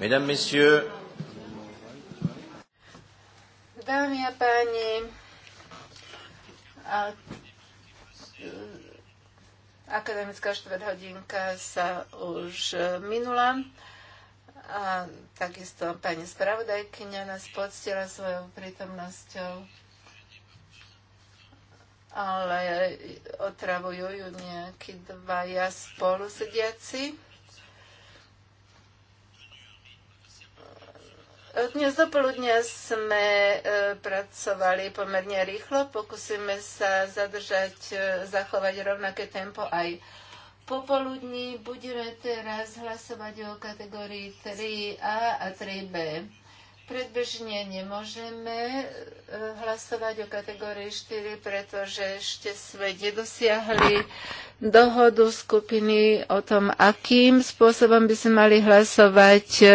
Mesdames, Messieurs, Dámy a páni, a, e, akademická štvrthodinka sa už e, minula a takisto pani spravodajkyňa nás poctila svojou prítomnosťou, ale otravujú ju nejakí dvaja spolusediaci. Dnes dopoludnia sme e, pracovali pomerne rýchlo, pokúsime sa zadržať, e, zachovať rovnaké tempo aj popoludní. Budeme teraz hlasovať o kategórii 3A a 3B. Predbežne nemôžeme e, hlasovať o kategórii 4, pretože ešte sme nedosiahli dohodu skupiny o tom, akým spôsobom by sme mali hlasovať e,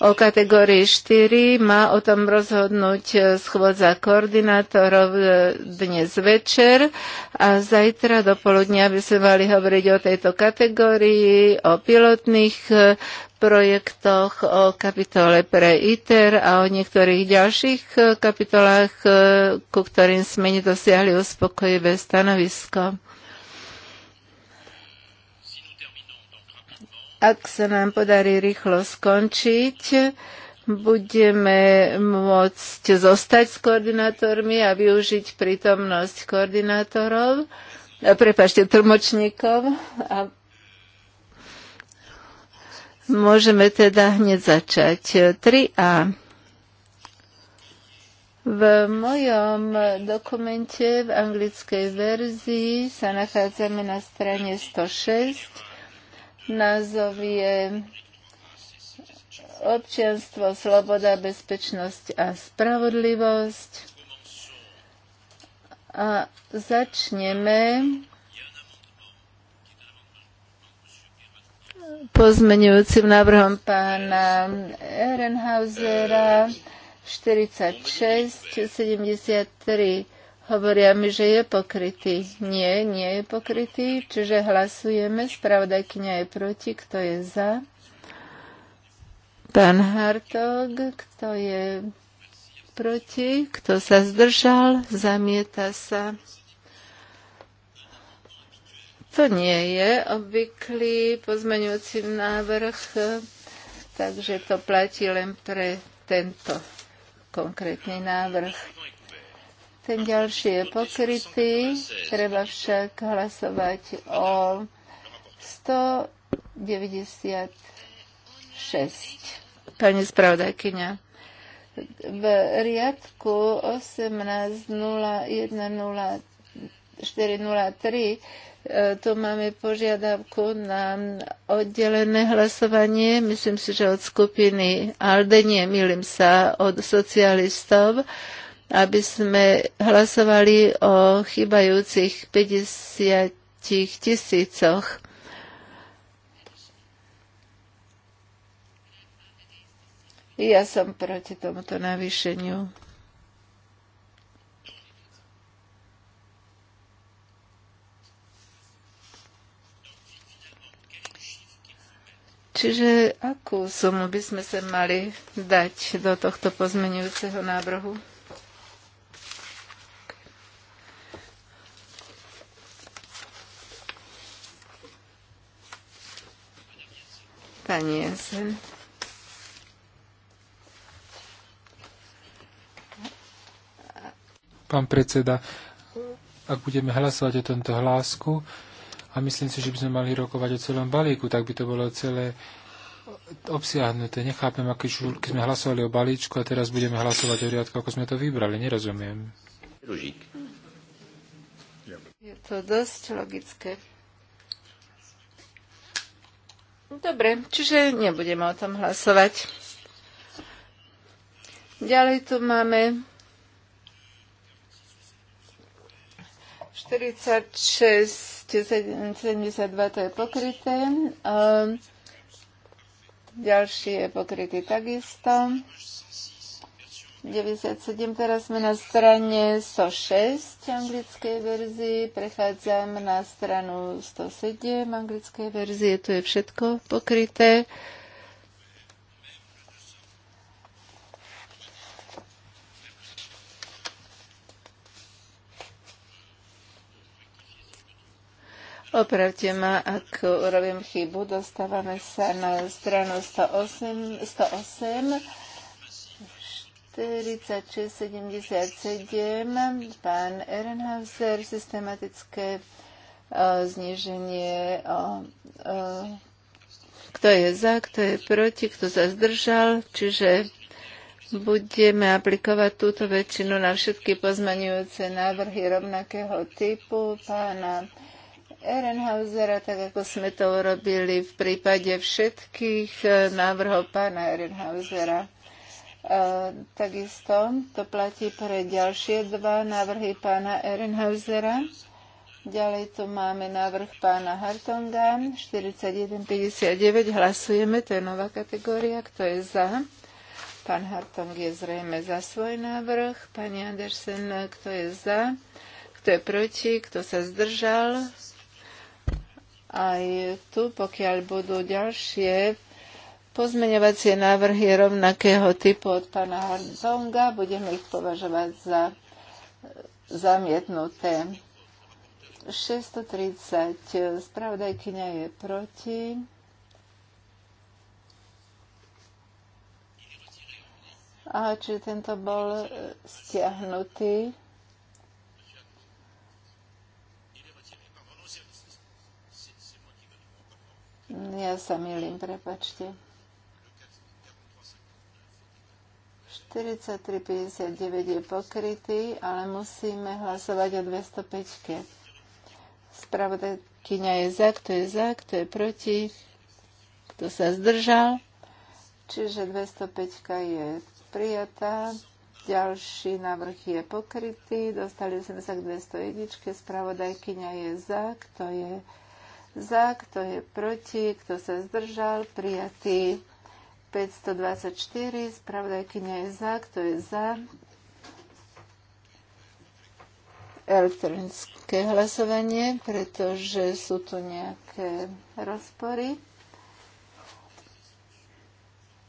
o kategórii 4. Má o tom rozhodnúť e, schôdza koordinátorov dnes večer a zajtra do poludnia by sme mali hovoriť o tejto kategórii, o pilotných projektoch, o kapitole pre ITER a o niektorých ďalších e, kapitolách, e, ku ktorým sme nedosiahli uspokojivé stanovisko. Ak sa nám podarí rýchlo skončiť, budeme môcť zostať s koordinátormi a využiť prítomnosť koordinátorov, e, prepašte, tlmočníkov a Môžeme teda hneď začať. 3A. V mojom dokumente v anglickej verzii sa nachádzame na strane 106. Názov je občianstvo, sloboda, bezpečnosť a spravodlivosť. A začneme pozmenujúcim návrhom pána Ehrenhausera 46, 73 hovoria mi, že je pokrytý. Nie, nie je pokrytý, čiže hlasujeme. Spravodajkynia je proti, kto je za. Pán Hartog, kto je proti, kto sa zdržal, zamieta sa. To nie je obvyklý pozmeňujúci návrh, e, takže to platí len pre tento konkrétny návrh. Ten ďalší je pokrytý, treba však hlasovať o 196. Pani spravodajkyňa, v riadku 18.01.04.03 tu máme požiadavku na oddelené hlasovanie, myslím si, že od skupiny ALDE, nie, milím sa, od socialistov, aby sme hlasovali o chybajúcich 50 tisícoch. Ja som proti tomuto navýšeniu. Čiže akú sumu by sme sa mali dať do tohto pozmenujúceho návrhu? Pani Jensen. Pán predseda, ak budeme hlasovať o tomto hlásku, a myslím si, že by sme mali rokovať o celom balíku, tak by to bolo celé obsiahnuté. Nechápem, aký keď sme hlasovali o balíčku a teraz budeme hlasovať o riadku, ako sme to vybrali. Nerozumiem. Ružík. Je to dosť logické. Dobre, čiže nebudeme o tom hlasovať. Ďalej tu máme 46 72 to je pokryté. Ehm, ďalší je pokrytý takisto. 97, teraz sme na strane 106 anglickej verzii, prechádzam na stranu 107 anglickej verzie, to je všetko pokryté. Opravte ma, ak urobím chybu. Dostávame sa na stranu 108, 108 4677. Pán Ehrenhauser, systematické e, o, zniženie. kto je za, kto je proti, kto sa zdržal. Čiže budeme aplikovať túto väčšinu na všetky pozmaňujúce návrhy rovnakého typu pána Ehrenhausera, tak ako sme to urobili v prípade všetkých e, návrhov pána Ehrenhausera. E, takisto to platí pre ďalšie dva návrhy pána Ehrenhausera. Ďalej tu máme návrh pána Hartonga 4159. Hlasujeme, to je nová kategória. Kto je za? Pán Hartong je zrejme za svoj návrh. Pani Andersen, kto je za? Kto je proti? Kto sa zdržal? aj tu, pokiaľ budú ďalšie pozmeňovacie návrhy rovnakého typu od pána Hanzonga, budeme ich považovať za e, zamietnuté. 630. Spravodajkyňa je proti. A či tento bol e, stiahnutý. Ja sa milím, prepačte. 43,59 je pokrytý, ale musíme hlasovať o 205. Spravodajkyňa je za, kto je za, kto je proti, kto sa zdržal. Čiže 205 je prijatá. Ďalší návrh je pokrytý. Dostali sme sa k 201. Spravodajkyňa je za, kto je proti za, kto je proti, kto sa zdržal, prijatý 524, spravodajkynia je za, kto je za. Elektronické hlasovanie, pretože sú tu nejaké rozpory.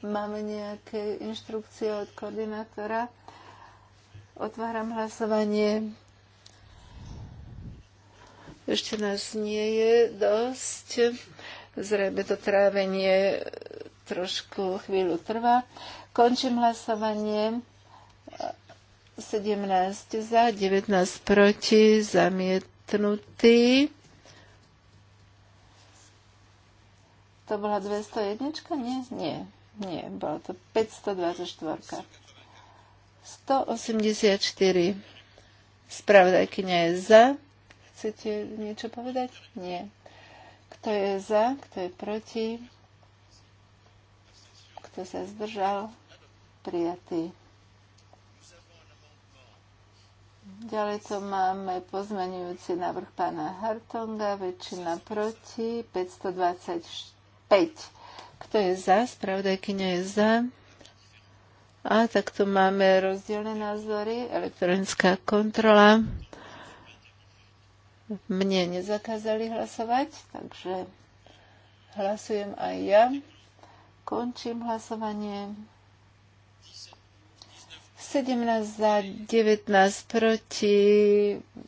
Máme nejaké inštrukcie od koordinátora. Otváram hlasovanie. Ešte nás nie je dosť. Zrejme to trávenie trošku chvíľu trvá. Končím hlasovanie. 17 za, 19 proti, zamietnutý. To bola 201? Nie, nie, nie, bola to 524. 184. Spravodajkynia je za Chcete niečo povedať? Nie. Kto je za, kto je proti, kto sa zdržal, prijatý. Ďalej to máme pozmenujúci návrh pána Hartonga, väčšina proti, 525. Kto je za? Spravodajkyňa je za. A takto máme rozdielne názory. Elektronická kontrola. Mne nezakázali hlasovať, takže hlasujem aj ja. Končím hlasovanie. 17 za 19 proti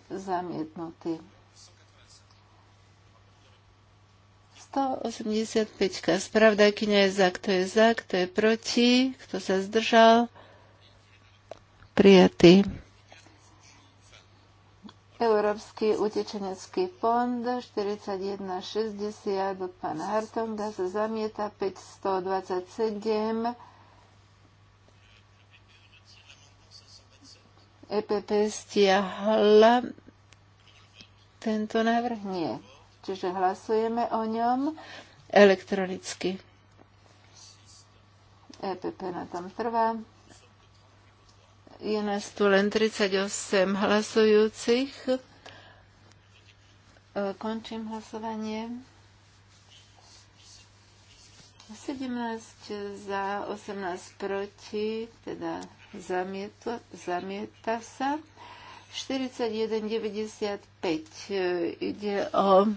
zamietnutý. 185. kňa je za, kto je za, kto je proti, kto sa zdržal. Prijatý. Európsky utečenecký fond 4160 od pána Hartonga sa zamieta 527 EPP stiahla tento návrh? Nie. Čiže hlasujeme o ňom elektronicky. EPP na tom trvá. Je nás tu len 38 hlasujúcich. E, končím hlasovanie. 17 za, 18 proti, teda zamieta, zamieta sa. 41,95 e, ide o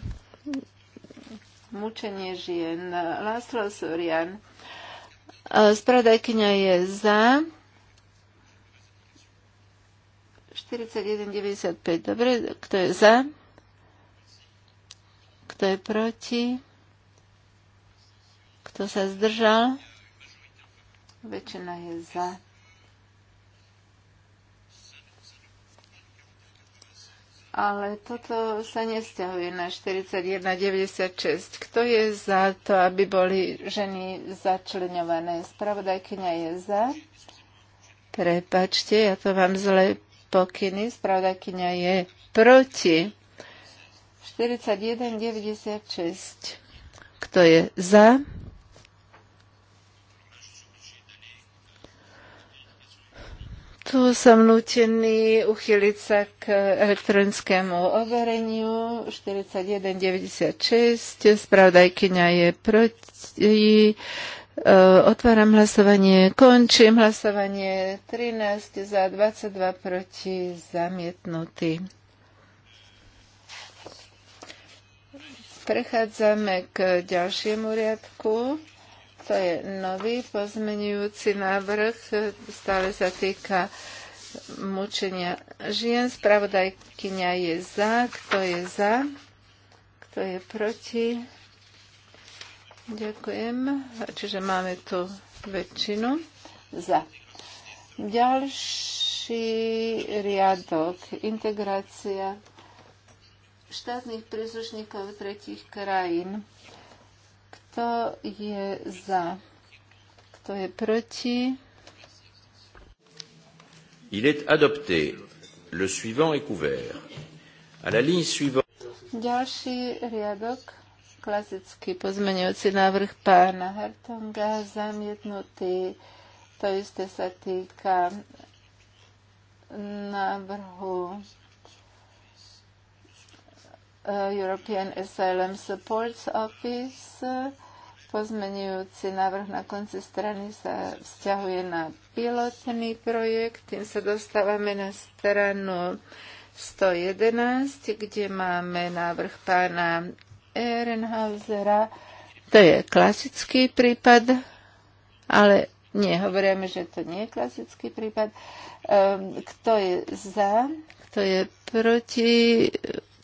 mučenie žien. Láslo Sorian, e, spravodajkynia je za. 41,95. Dobre, kto je za? Kto je proti? Kto sa zdržal? Väčšina je za. Ale toto sa nestiahuje na 41,96. Kto je za to, aby boli ženy začlenované? Spravodajkynia je za. Prepačte, ja to vám zle pokyny. Spravodajkynia je proti. 41,96. Kto je za? Tu som nutený uchyliť sa k elektronickému overeniu 4196. Spravodajkynia je proti. Eh, otváram hlasovanie, končím hlasovanie. 13 za, 22 proti, zamietnutý. Prechádzame k ďalšiemu riadku. To je nový pozmenujúci návrh. Stále sa týka mučenia žien. Spravodajkyňa je za. Kto je za? Kto je proti? Ďakujem. Čiže máme tu väčšinu za. Ďalší riadok. Integrácia štátnych príslušníkov tretich krajín. Kto je za? Kto je proti? Il est adopté. Le suivant est couvert. À la ligne suivante. Ďalší riadok. Klasický pozmeňujúci návrh pána Hartonga zamietnutý. To isté sa týka návrhu e, European Asylum Support Office. Pozmeňujúci návrh na konci strany sa vzťahuje na pilotný projekt. Tým sa dostávame na stranu 111, kde máme návrh pána Ehrenhausera. To je klasický prípad, ale nie, hovoríme, že to nie je klasický prípad. Ehm, kto je za, kto je proti,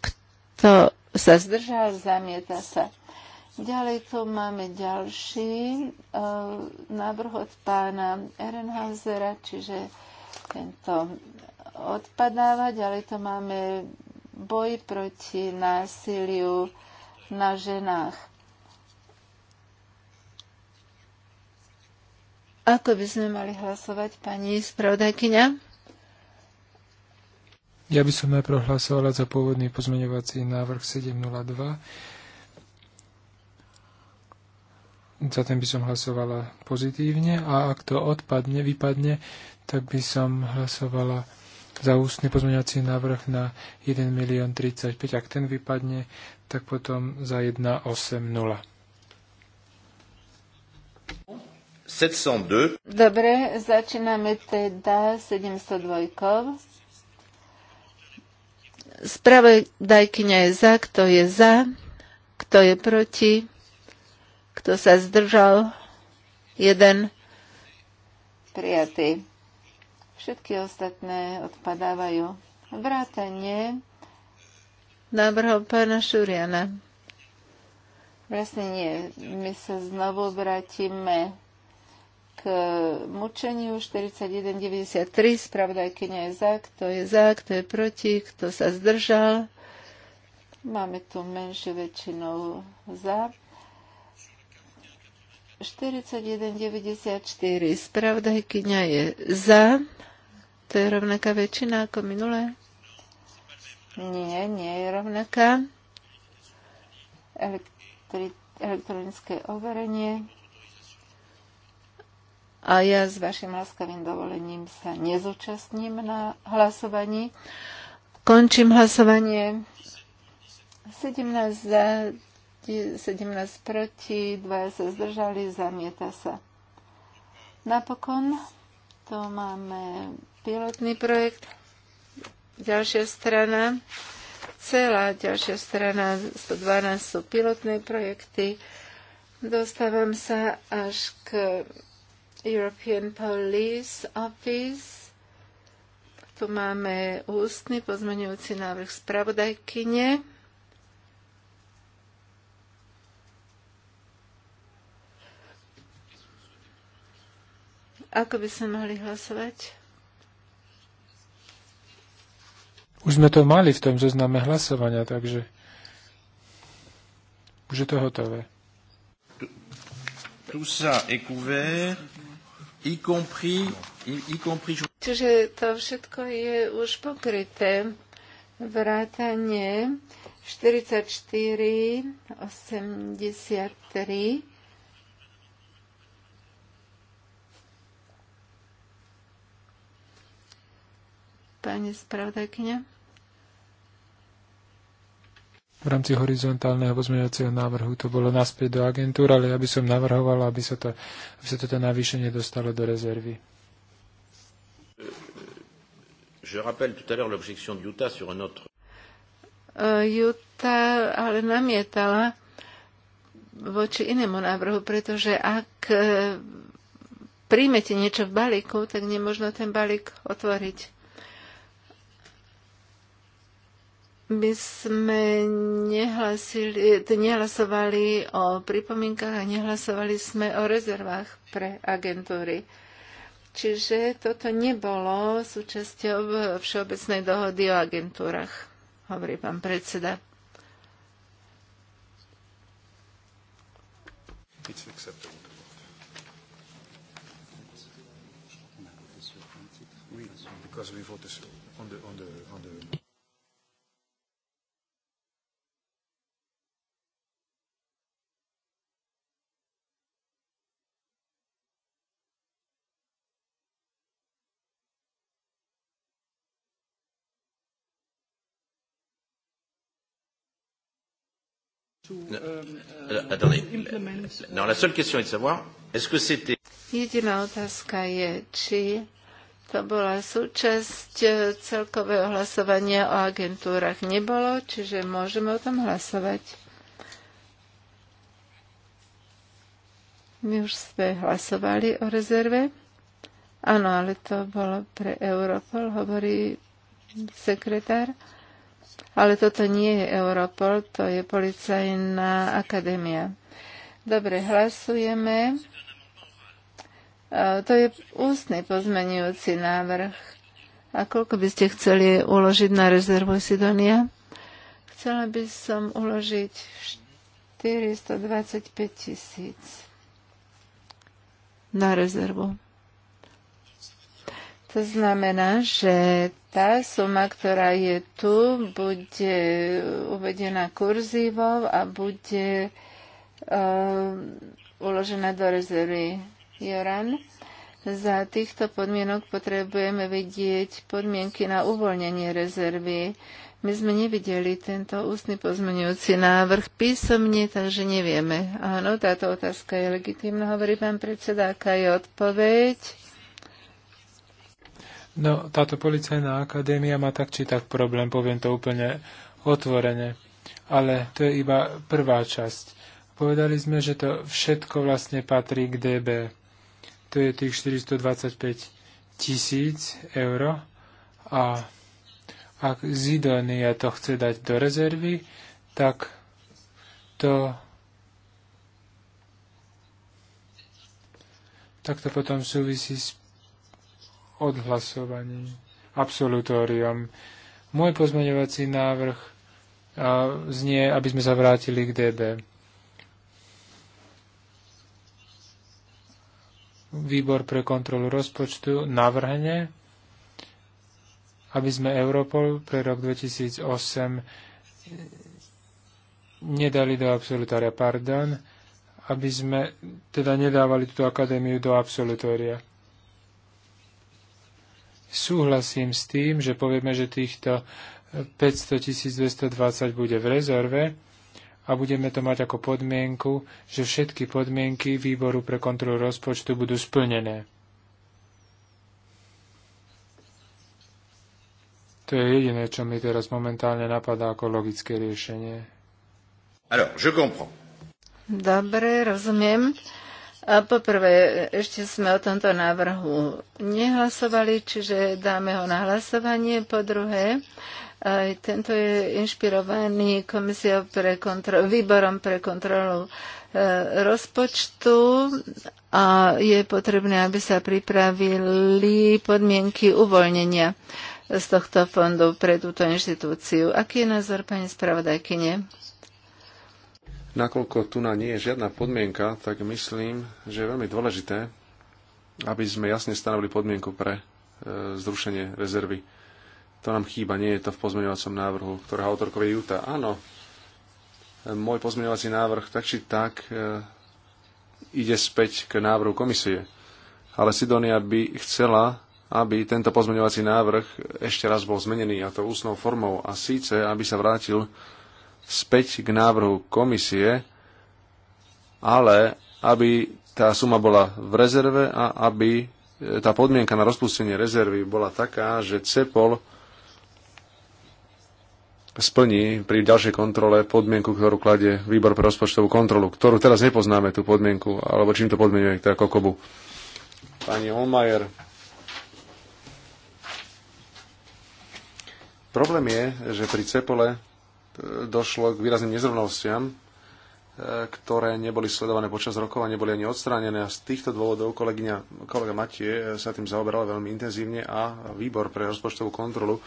kto sa zdržal, zamieta sa. Ďalej tu máme ďalší ehm, návrh od pána Ehrenhausera, čiže tento odpadáva. Ďalej to máme boj proti násiliu na ženách. Ako by sme mali hlasovať, pani spravodajkyňa? Ja by som najprv hlasovala za pôvodný pozmeňovací návrh 702. Za ten by som hlasovala pozitívne a ak to odpadne, vypadne, tak by som hlasovala za ústny pozmeňací návrh na 1 milión 35. Ak ten vypadne, tak potom za 1,8,0. Dobre, začíname teda 702. dajkyňa je za, kto je za, kto je proti, kto sa zdržal, jeden prijatý. Všetky ostatné odpadávajú. Vrátanie návrhov pána Šuriana. Vlastne nie. My sa znovu vrátime k mučeniu 41.93. nie je za, kto je za, kto je proti, kto sa zdržal. Máme tu menšiu väčšinou za. 41.94. Spravodajkynia je za. To je rovnaká väčšina ako minulé? Nie, nie je rovnaká. Elektri- elektronické overenie. A ja s vašim láskavým dovolením sa nezúčastním na hlasovaní. Končím hlasovanie. 17 za, 17 proti, 2 sa zdržali, zamieta sa. Napokon to máme pilotný projekt. Ďalšia strana, celá ďalšia strana, 112 sú pilotné projekty. Dostávam sa až k European Police Office. Tu máme ústny pozmeňujúci návrh spravodajkyne. Ako by sme mohli hlasovať? Už sme to mali v tom zozname hlasovania, takže už je to hotové. Čiže to všetko je už pokryté. Vrátanie 44, 83, pani spravodajkyňa. V rámci horizontálneho pozmeňovacieho návrhu to bolo naspäť do agentúr, ale ja by som navrhovala, aby sa, to, aby sa toto navýšenie dostalo do rezervy. Je rappelle tout à l'heure l'objection de Utah sur un autre... Eh, Utah ale namietala voči inému návrhu, pretože ak eh, príjmete niečo v balíku, tak nemôžno ten balík otvoriť. my sme e, nehlasovali o pripomienkach a nehlasovali sme o rezervách pre agentúry. Čiže toto nebolo súčasťou Všeobecnej dohody o agentúrach, hovorí pán predseda. It's acceptable. Because No, um, euh, uh, Jediná otázka je, či to bola súčasť uh, celkového hlasovania o agentúrach. Nebolo, čiže môžeme o tom hlasovať. My už sme hlasovali o rezerve. Áno, ale to bolo pre Europol, hovorí sekretár. Ale toto nie je Europol, to je policajná akadémia. Dobre, hlasujeme. E, to je ústny pozmenujúci návrh. A koľko by ste chceli uložiť na rezervu Sidonia? Chcela by som uložiť 425 tisíc na rezervu. To znamená, že tá suma, ktorá je tu, bude uvedená kurzívou a bude uh, uložená do rezervy Joran. Za týchto podmienok potrebujeme vidieť podmienky na uvoľnenie rezervy. My sme nevideli tento ústny pozmenujúci návrh písomne, takže nevieme. Áno, táto otázka je legitímna, hovorí pán predseda, aká je odpoveď. No, táto policajná akadémia má tak či tak problém, poviem to úplne otvorene. Ale to je iba prvá časť. Povedali sme, že to všetko vlastne patrí k DB. To je tých 425 tisíc eur. A ak Zidonia to chce dať do rezervy, tak to tak to potom súvisí s odhlasovaním, absolutóriom. Môj pozmeňovací návrh znie, aby sme sa vrátili k DB. Výbor pre kontrolu rozpočtu navrhne, aby sme Europol pre rok 2008 nedali do absolutória, pardon, aby sme teda nedávali túto akadémiu do absolutória súhlasím s tým, že povieme, že týchto 500 eh, 220 bude v rezerve a budeme to mať ako podmienku, že všetky podmienky výboru pre kontrolu rozpočtu budú splnené. To je jediné, čo mi teraz momentálne napadá ako logické riešenie. Alors, je comprends. Dobre, rozumiem. Poprvé, ešte sme o tomto návrhu nehlasovali, čiže dáme ho na hlasovanie. Po druhé, aj tento je inšpirovaný komisiou pre kontrol, výborom pre kontrolu e, rozpočtu a je potrebné, aby sa pripravili podmienky uvoľnenia z tohto fondu pre túto inštitúciu. Aký je názor pani spravodajkyne? Nakoľko tu na nie je žiadna podmienka, tak myslím, že je veľmi dôležité, aby sme jasne stanovili podmienku pre e, zrušenie rezervy. To nám chýba, nie je to v pozmeňovacom návrhu, ktorého autorkovi je Juta. Áno, e, môj pozmeňovací návrh tak či tak e, ide späť k návrhu komisie. Ale Sidonia by chcela, aby tento pozmeňovací návrh ešte raz bol zmenený, a to ústnou formou, a síce, aby sa vrátil späť k návrhu komisie, ale aby tá suma bola v rezerve a aby e, tá podmienka na rozpustenie rezervy bola taká, že CEPOL splní pri ďalšej kontrole podmienku, ktorú kladie výbor pre rozpočtovú kontrolu, ktorú teraz nepoznáme, tú podmienku, alebo čím to podmienuje, teda Kokobu. Pani Holmajer. Problém je, že pri Cepole došlo k výrazným nezrovnostiam, e, ktoré neboli sledované počas rokov a neboli ani odstránené. A z týchto dôvodov kolegyňa, kolega Matie sa tým zaoberal veľmi intenzívne a výbor pre rozpočtovú kontrolu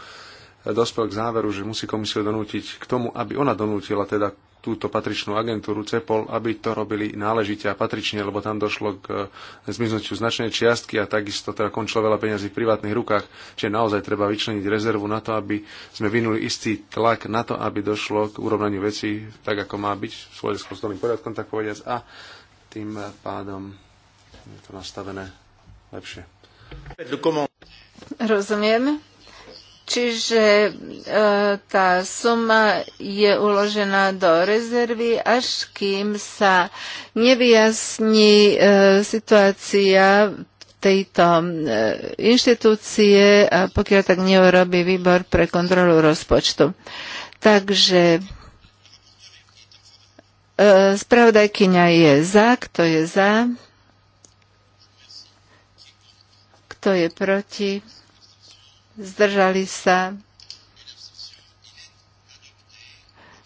dospel k záveru, že musí komisiu donútiť k tomu, aby ona donútila teda túto patričnú agentúru CEPOL, aby to robili náležite a patrične, lebo tam došlo k e, zmiznutiu značnej čiastky a takisto teda končilo veľa peňazí v privátnych rukách, čiže naozaj treba vyčleniť rezervu na to, aby sme vynuli istý tlak na to, aby došlo k urovnaniu vecí tak, ako má byť v slovenskom stolným poriadkom, tak povediac, a tým pádom je to nastavené lepšie. Rozumiem. Čiže e, tá suma je uložená do rezervy, až kým sa nevyjasní e, situácia tejto e, inštitúcie a pokiaľ tak neurobí výbor pre kontrolu rozpočtu. Takže spravodajkyňa je za, kto je za, kto je proti, zdržali sa.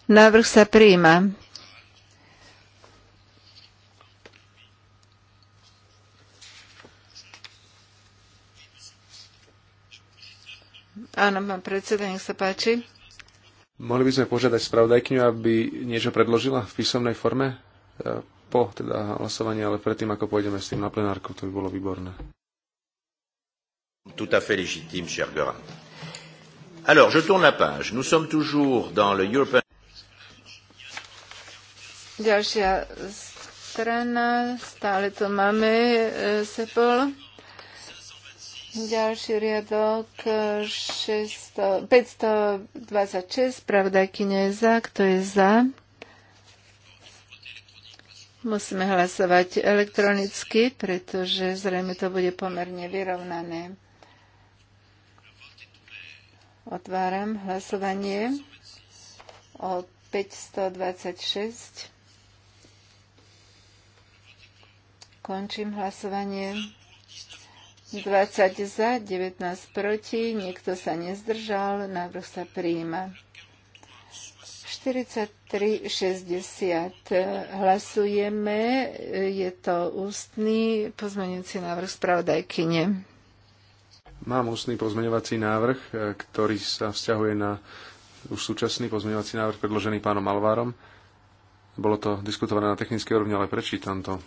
Návrh sa príjma. Áno, pán predseda, nech sa páči. Mohli by sme požiadať spravodajkňu, aby niečo predložila v písomnej forme e, po teda hlasovaní, ale predtým, ako pôjdeme s tým na plenárku, to by bolo výborné. Tout à fait légitime, cher Göran. Alors, je tourne la page. Nous sommes toujours dans le European... Ďalšia strana, stále to máme, e, Sepol. Ďalší riadok 600, e, 526, pravda, aký nie je za, kto je za. Musíme hlasovať elektronicky, pretože zrejme to bude pomerne vyrovnané. Otváram hlasovanie o 526. Končím hlasovanie. 20 za, 19 proti, nikto sa nezdržal, návrh sa prijíma. 43-60. hlasujeme, je to ústny pozmenujúci návrh spravodajkyne. Mám ústny pozmeňovací návrh, e, ktorý sa vzťahuje na už súčasný pozmeňovací návrh predložený pánom Alvárom. Bolo to diskutované na technické úrovni, ale prečítam to.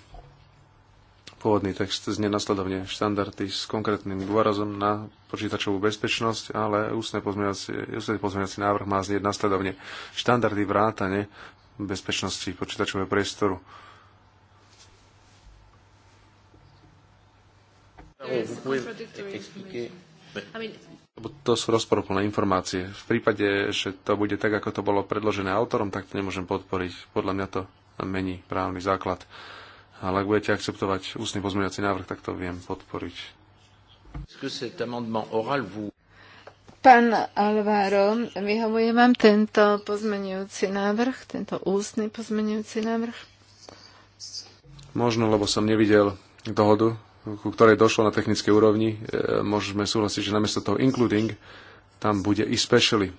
Pôvodný text znie nasledovne štandardy s konkrétnym dôrazom na počítačovú bezpečnosť, ale ústne pozmeňovací, pozmeňovací návrh má znieť nasledovne štandardy vrátane bezpečnosti počítačového priestoru To sú rozporúplné informácie. V prípade, že to bude tak, ako to bolo predložené autorom, tak to nemôžem podporiť. Podľa mňa to mení právny základ. Ale ak budete akceptovať ústny pozmeňovací návrh, tak to viem podporiť. Pán Alvaro, vyhovuje vám tento pozmeňujúci návrh, tento ústny pozmeňujúci návrh? Možno, lebo som nevidel dohodu ku ktorej došlo na technickej úrovni, e, môžeme súhlasiť, že namiesto toho including tam bude i specially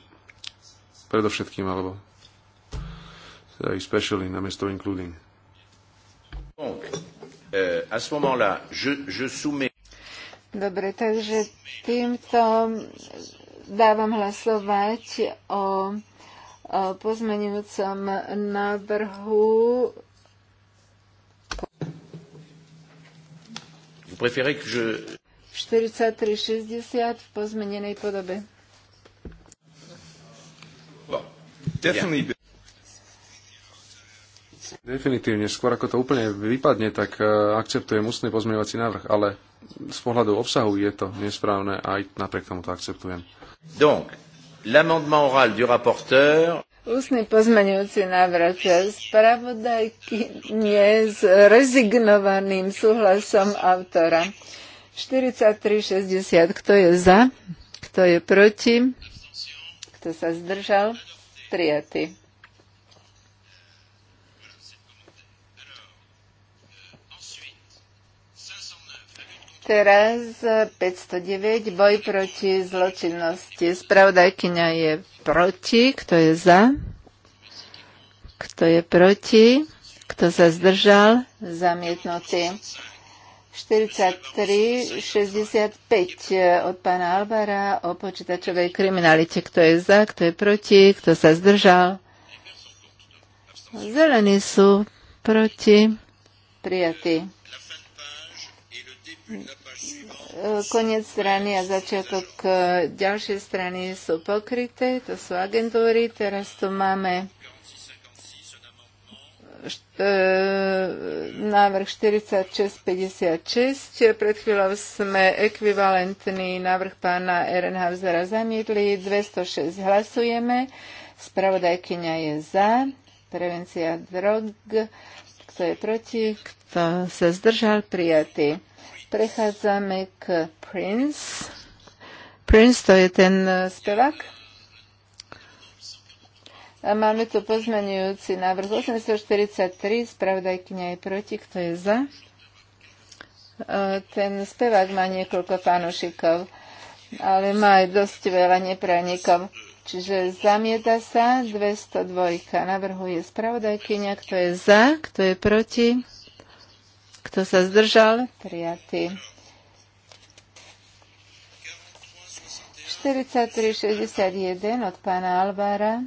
Predovšetkým, alebo e, specially namiesto including. Euh, Dobre, takže týmto dávam hlasovať o, o pozmenujúcom návrhu préférez que je... 43,60 v pozmenenej podobe. Well, Definitívne, skôr ako to úplne vypadne, tak e, akceptujem ústny pozmeňovací návrh, ale z pohľadu obsahu je to nesprávne a aj napriek tomu to akceptujem. Donc, l'amendement oral du rapporteur... Ústny pozmeňujúci návrh spravodajky nie s rezignovaným súhlasom autora. 43,60. Kto je za? Kto je proti? Kto sa zdržal? Prijatý. Teraz 509. Boj proti zločinnosti. Spravodajkyňa je proti, kto je za, kto je proti, kto sa zdržal, zamietnutý. 65 eh, od pána Albara o počítačovej kriminalite. Kto je za, kto je proti, kto sa zdržal. Zelení sú proti, prijatí koniec strany a začiatok e, ďalšej strany sú pokryté, to sú agentúry. Teraz tu máme e, návrh 4656. Pred chvíľou sme ekvivalentný návrh pána Ehrenhausera zamietli. 206 hlasujeme. Spravodajkyňa je za. Prevencia drog. Kto je proti? Kto sa zdržal? Prijatý. Prechádzame k Prince. Prince to je ten e, spevák. A máme tu pozmenujúci návrh 843, kňa je proti, kto je za? E, ten spevák má niekoľko fanúšikov, ale má aj dosť veľa nepranikov. Čiže zamieta sa 202. Navrhuje spravodajkynia, kto je za, kto je proti. Kto sa zdržal? Prijatý. 43.61 od pána Alvára.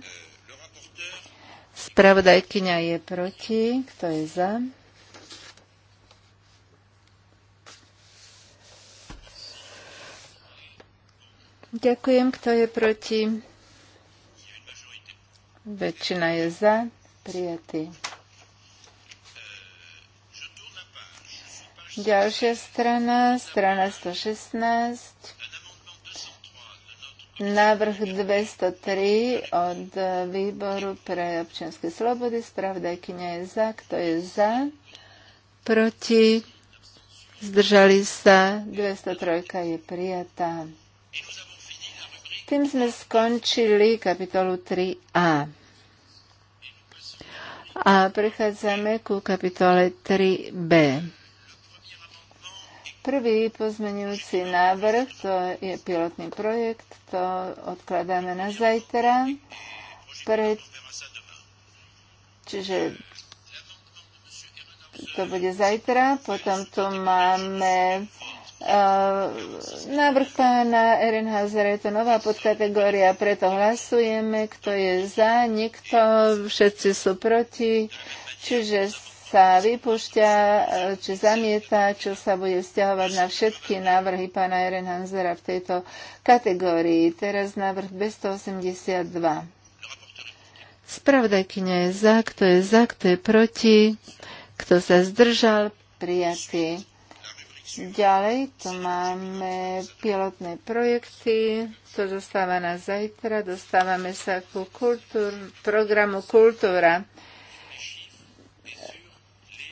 Spravodajkyňa je proti. Kto je za? Ďakujem. Kto je proti? Väčšina je za. Prijatý. Ďalšia strana, strana 116, návrh 203 od Výboru pre občianske slobody. Spravdajkynia je za. Kto je za? Proti? Zdržali sa. 203 je prijatá. Tým sme skončili kapitolu 3a. A prechádzame ku kapitole 3b. Prvý pozmenujúci návrh, to je pilotný projekt, to odkladáme na zajtra. Pre... Čiže to bude zajtra. Potom tu máme e, návrh pána Ehrenhausera je to nová podkategória, preto hlasujeme, kto je za, nikto, všetci sú proti, čiže sa vypúšťa, e, či zamieta, čo sa bude vzťahovať na všetky návrhy pána Erenhanzera v tejto kategórii. Teraz návrh 282. Spravodajkyňa je za, kto je za, kto je proti, kto sa zdržal, prijatý. Ďalej tu máme pilotné projekty, to zostáva na zajtra, dostávame sa ku kultúr, programu Kultúra.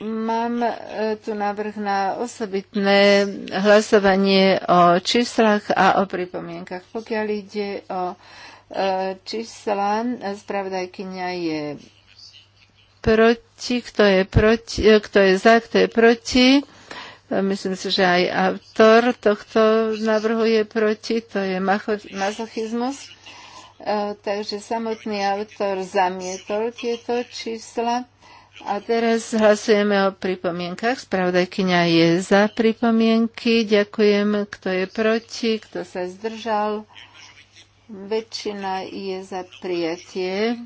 Mám e, tu návrh na osobitné hlasovanie o číslach a o pripomienkach. Pokiaľ ide o e, čísla, spravodajkynia je proti, kto je, proti, e, kto je za, kto je proti. Myslím si, že aj autor tohto návrhu je proti, to je masochizmus. Takže samotný autor zamietol tieto čísla a teraz hlasujeme o pripomienkach. Spravodajkynia je za pripomienky. Ďakujem, kto je proti, kto sa zdržal. Väčšina je za prijatie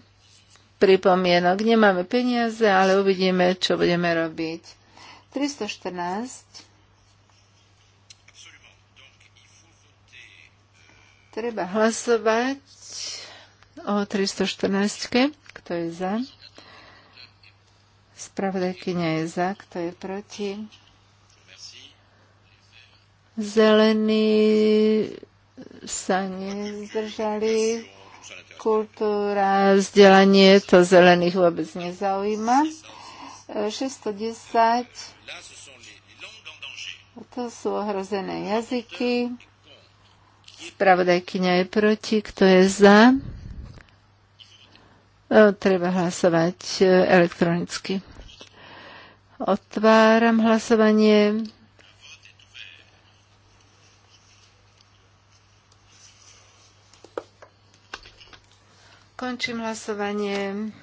pripomienok. Nemáme peniaze, ale uvidíme, čo budeme robiť. 314. Treba hlasovať o 314. Kto je za? Spravodajkynia je za, kto je proti? Zelení sa nezdržali. Kultúra, vzdelanie to zelených vôbec nezaujíma. 610. To sú ohrozené jazyky. Spravodajkyňa je proti. Kto je za? Treba hlasovať e, elektronicky. Otváram hlasovanie. Končím hlasovanie.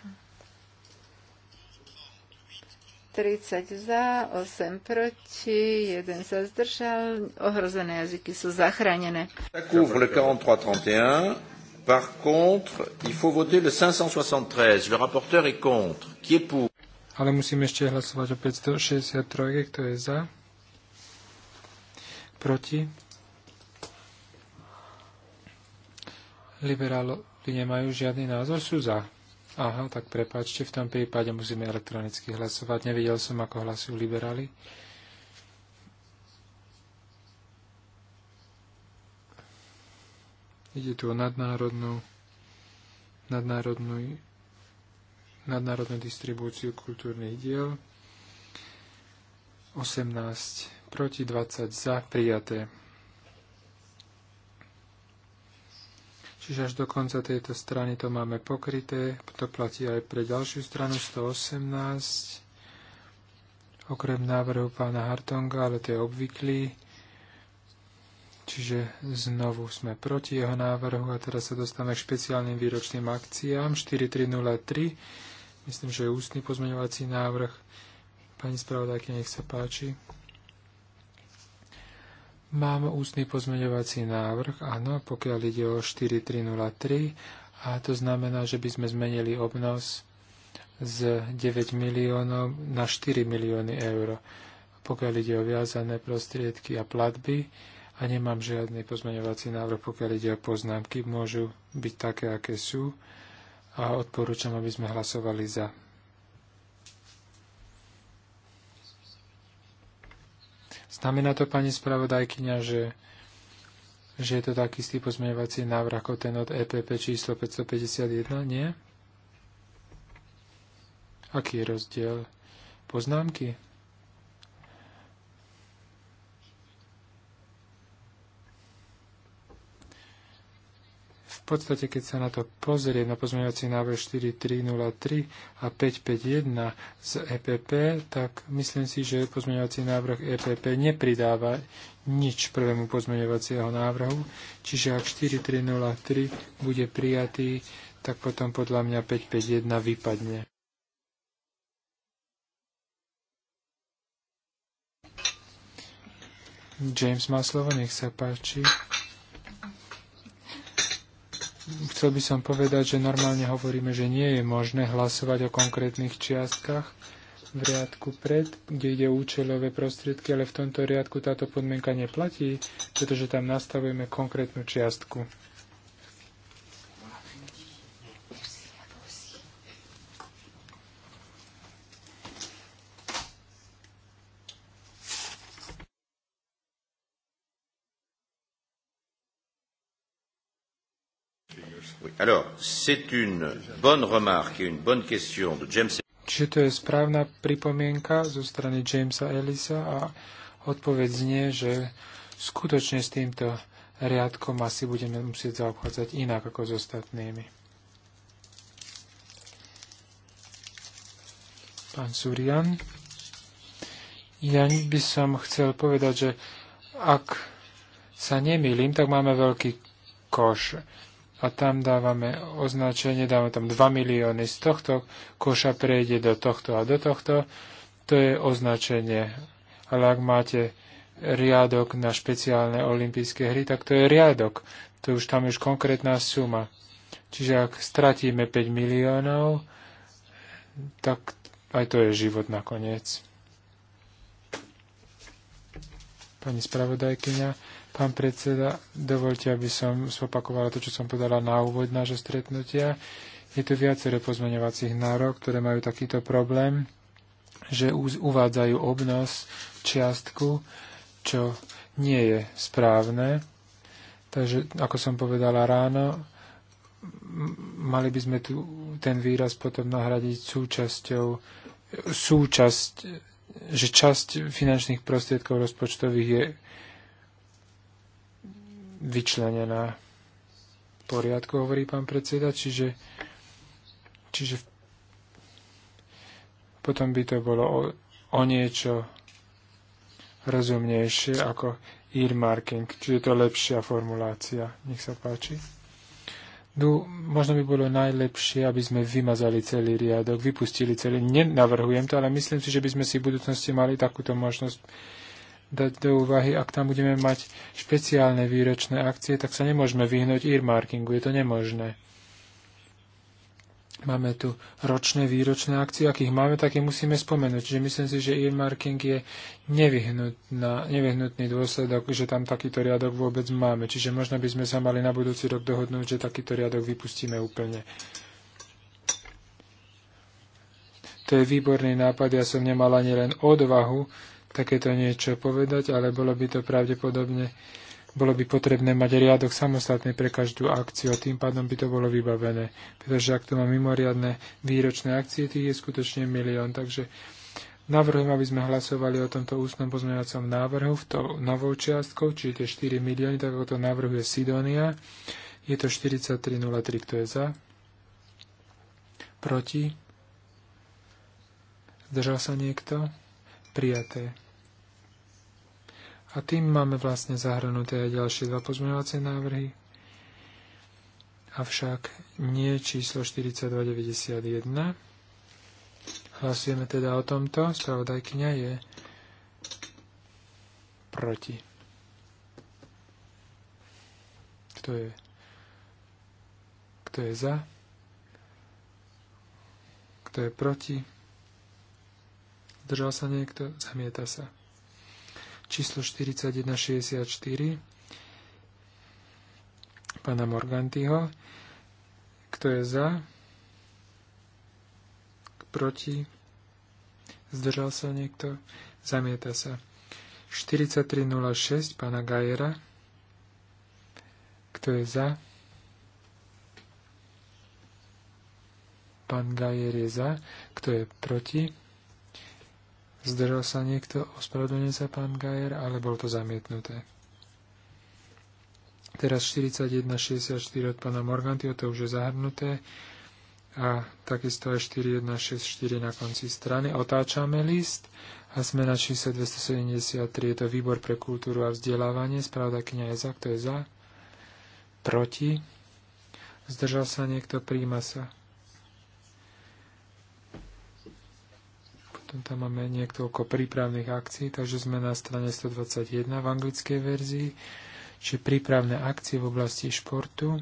30 za, 8 proti, 1 sa zdržal. Ohrozené jazyky sú zachránené. Couvre le 43-31. Par contre, il faut voter le 573. Le rapporteur est contre. Qui est pour? Ale musíme ešte hlasovať o 563, kto je za. Proti. Liberáli nemajú žiadny názor, sú za. Aha, tak prepáčte, v tom prípade musíme elektronicky hlasovať. Nevidel som, ako hlasujú liberáli. Ide tu o nadnárodnú, nadnárodnú nadnárodnú distribúciu kultúrnych diel. 18 proti 20 za prijaté. Čiže až do konca tejto strany to máme pokryté. To platí aj pre ďalšiu stranu 118. Okrem návrhu pána Hartonga, ale to je obvyklý. Čiže znovu sme proti jeho návrhu a teraz sa dostávame k špeciálnym výročným akciám 4303 Myslím, že je ústny pozmeňovací návrh. Pani spravodajky, nech sa páči. Mám ústny pozmeňovací návrh, áno, pokiaľ ide o 4303, a to znamená, že by sme zmenili obnos z 9 miliónov na 4 milióny eur, pokiaľ ide o viazané prostriedky a platby. A nemám žiadny pozmeňovací návrh, pokiaľ ide o poznámky, môžu byť také, aké sú a odporúčam, aby sme hlasovali za. Znamená to, pani spravodajkyňa, že, že je to taký istý pozmeňovací návrh ako ten od EPP číslo 551, nie? Aký je rozdiel? Poznámky? podstate, keď sa na to pozrie, na pozmeňovací návrh 4303 a 551 z EPP, tak myslím si, že pozmeňovací návrh EPP nepridáva nič prvému pozmeňovacieho návrhu, čiže ak 4303 bude prijatý, tak potom podľa mňa 551 vypadne. James má slovo, nech sa páči chcel by som povedať, že normálne hovoríme, že nie je možné hlasovať o konkrétnych čiastkach v riadku pred, kde ide účelové prostriedky, ale v tomto riadku táto podmienka neplatí, pretože tam nastavujeme konkrétnu čiastku. Alors, c'est une bonne remarque et une bonne question de James Čiže to je správna pripomienka zo strany Jamesa Ellisa a odpoveď znie, že skutočne s týmto riadkom asi budeme musieť zaobchádzať inak ako s ostatnými. Pán Surian, ja by som chcel povedať, že ak sa nemýlim, tak máme veľký koš a tam dávame označenie, dávame tam 2 milióny z tohto koša prejde do tohto a do tohto. To je označenie. Ale ak máte riadok na špeciálne olympijské hry, tak to je riadok. To už tam už konkrétna suma. Čiže ak stratíme 5 miliónov, tak aj to je život nakoniec. Pani spravodajkyňa, Pán predseda, dovolte, aby som spopakovala to, čo som podala na úvod nášho stretnutia. Je tu viacero pozmeňovacích nárok, ktoré majú takýto problém, že uvádzajú obnos čiastku, čo nie je správne. Takže, ako som povedala ráno, mali by sme tu ten výraz potom nahradiť súčasťou, súčasť, že časť finančných prostriedkov rozpočtových je vyčlenená. V poriadku, hovorí pán predseda, čiže, čiže potom by to bolo o, o niečo rozumnejšie ako earmarking, čiže to je lepšia formulácia. Nech sa páči. No, možno by bolo najlepšie, aby sme vymazali celý riadok, vypustili celý. Nenavrhujem to, ale myslím si, že by sme si v budúcnosti mali takúto možnosť dať do úvahy, ak tam budeme mať špeciálne výročné akcie, tak sa nemôžeme vyhnúť earmarkingu, je to nemožné. Máme tu ročné výročné akcie, akých máme, tak ich musíme spomenúť. Čiže myslím si, že earmarking je nevyhnutný dôsledok, že tam takýto riadok vôbec máme. Čiže možno by sme sa mali na budúci rok dohodnúť, že takýto riadok vypustíme úplne. To je výborný nápad, ja som nemal ani len odvahu takéto niečo povedať, ale bolo by to pravdepodobne, bolo by potrebné mať riadok samostatný pre každú akciu a tým pádom by to bolo vybavené. Pretože ak to má mimoriadne výročné akcie, tých je skutočne milión. Takže Navrhujem, aby sme hlasovali o tomto ústnom pozmeňovacom návrhu v tou novou čiastkou, čiže tie 4 milióny, tak ako to navrhuje Sidonia. Je to 43,03, kto je za? Proti? Zdržal sa niekto? Prijaté. A tým máme vlastne zahrnuté aj ďalšie dva pozmeňovacie návrhy. Avšak nie číslo 4291. Hlasujeme teda o tomto. Spravodajkyňa je proti. Kto je? Kto je za? Kto je proti? Držal sa niekto? Zamieta sa číslo 4164 pána Morgantyho. Kto je za? Proti? Zdržal sa niekto? Zamieta sa. 4306 pána Gajera. Kto je za? Pán Gajer je za. Kto je proti? Zdržal sa niekto? Ospravedlňuje sa pán Gajer, ale bolo to zamietnuté. Teraz 41.64 od pána Morganty, to už je zahrnuté. A takisto aj 4164 na konci strany. Otáčame list a sme na čísle 273. Je to výbor pre kultúru a vzdelávanie. Spravodajkynia je za. Kto je za? Proti? Zdržal sa niekto? Príjma sa. Potom tam máme niekoľko prípravných akcií, takže sme na strane 121 v anglickej verzii, či prípravné akcie v oblasti športu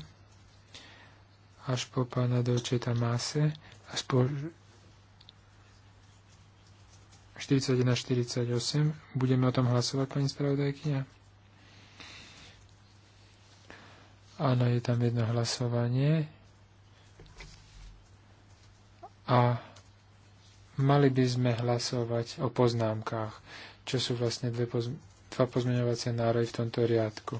až po pána Dočeta Mase, až po 41-48. Budeme o tom hlasovať, pani spravodajkynia? Áno, je tam jedno hlasovanie. A Mali by sme hlasovať o poznámkach, čo sú vlastne dve poz, dva pozmeňovacie nároje v tomto riadku.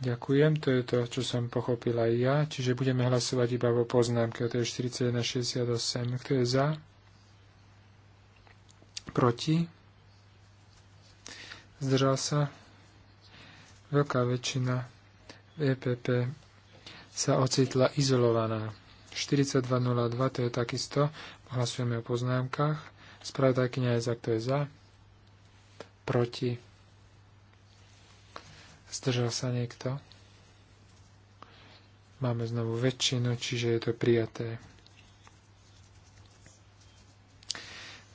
Ďakujem, to je to, čo som pochopila aj ja, čiže budeme hlasovať iba o poznámke, to je 4168. Kto je za? Proti? Zdržal sa? Veľká väčšina EPP sa ocitla izolovaná. 4202, to je takisto Hlasujeme o poznámkach. Spravodajkynia je za, kto je za. Proti. Zdržal sa niekto? Máme znovu väčšinu, čiže je to prijaté.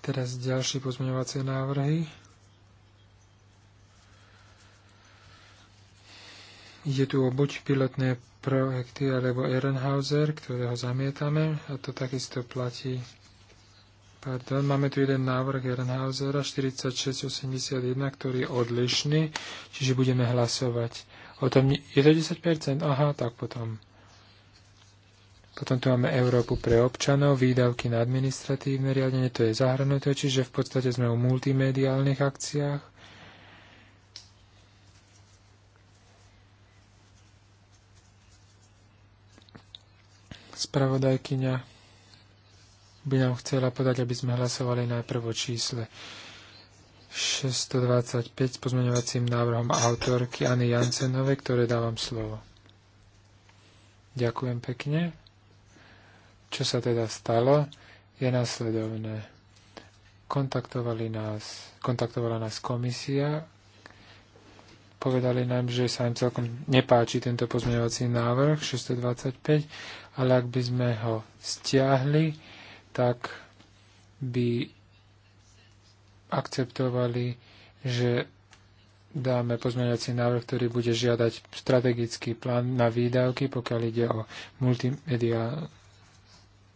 Teraz ďalšie pozmeňovacie návrhy. Ide tu o buď pilotné projekty alebo Ehrenhauser, ktorého zamietame a to takisto platí Pardon, máme tu jeden návrh Ehrenhausera 4681, ktorý je odlišný, čiže budeme hlasovať. O tom je to 10%? Aha, tak potom. Potom tu máme Európu pre občanov, výdavky na administratívne riadenie, to je zahrnuté, čiže v podstate sme o multimediálnych akciách. Spravodajkyňa by nám chcela podať, aby sme hlasovali najprv o čísle 625 s pozmeňovacím návrhom autorky Anny Jancenovej, ktoré dávam slovo. Ďakujem pekne. Čo sa teda stalo, je následovné. Kontaktovali nás, kontaktovala nás komisia, povedali nám, že sa im celkom nepáči tento pozmeňovací návrh 625, ale ak by sme ho stiahli, tak by akceptovali, že dáme pozmeňovací návrh, ktorý bude žiadať strategický plán na výdavky, pokiaľ ide o multimedia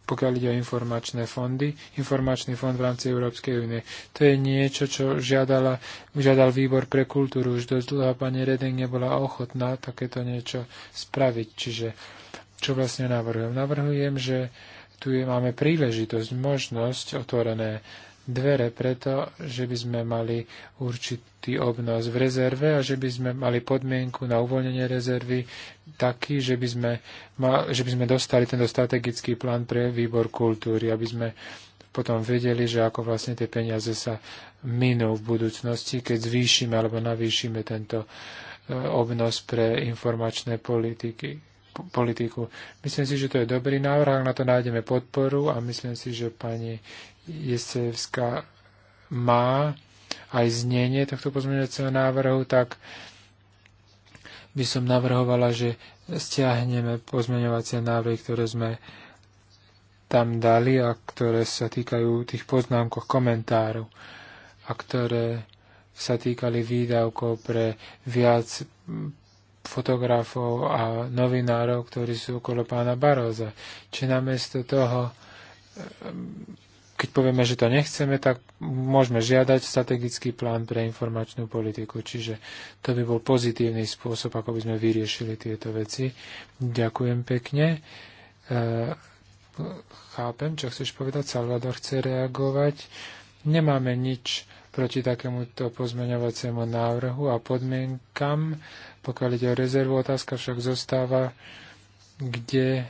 pokiaľ ide o informačné fondy, informačný fond v rámci Európskej únie. To je niečo, čo žiadala, žiadal výbor pre kultúru. Už dosť dlho pani Reding nebola ochotná takéto niečo spraviť. Čiže čo vlastne navrhujem? Navrhujem, že tu je, máme príležitosť, možnosť, otvorené dvere preto, že by sme mali určitý obnos v rezerve a že by sme mali podmienku na uvoľnenie rezervy taký, že by sme, mal, že by sme dostali tento strategický plán pre výbor kultúry, aby sme potom vedeli, že ako vlastne tie peniaze sa minú v budúcnosti, keď zvýšime alebo navýšime tento e, obnos pre informačné politiky, politiku. Myslím si, že to je dobrý návrh, ak na to nájdeme podporu a myslím si, že pani Jesevská má aj znenie tohto pozmeňujúceho návrhu, tak by som navrhovala, že stiahneme pozmeňovacie návrhy, ktoré sme tam dali a ktoré sa týkajú tých poznámkoch, komentárov a ktoré sa týkali výdavkov pre viac fotografov a novinárov, ktorí sú okolo pána Baróza. Či namiesto toho, keď povieme, že to nechceme, tak môžeme žiadať strategický plán pre informačnú politiku. Čiže to by bol pozitívny spôsob, ako by sme vyriešili tieto veci. Ďakujem pekne. E, chápem, čo chceš povedať. Salvador chce reagovať. Nemáme nič proti takémuto pozmeňovaciemu návrhu a podmienkam pokiaľ ide o rezervu, otázka však zostáva, kde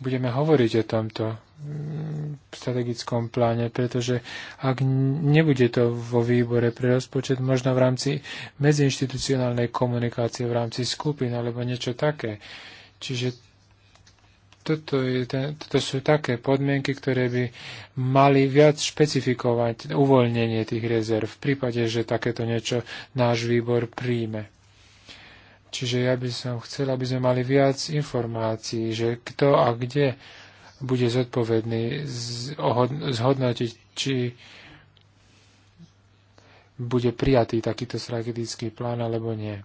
budeme hovoriť o tomto mm, strategickom pláne, pretože ak nebude to vo výbore pre rozpočet, možno v rámci medziinstitucionálnej komunikácie, v rámci skupín alebo niečo také. Čiže toto, je ten, toto sú také podmienky, ktoré by mali viac špecifikovať uvoľnenie tých rezerv v prípade, že takéto niečo náš výbor príjme. Čiže ja by som chcel, aby sme mali viac informácií, že kto a kde bude zodpovedný zhodnotiť, či bude prijatý takýto strategický plán alebo nie.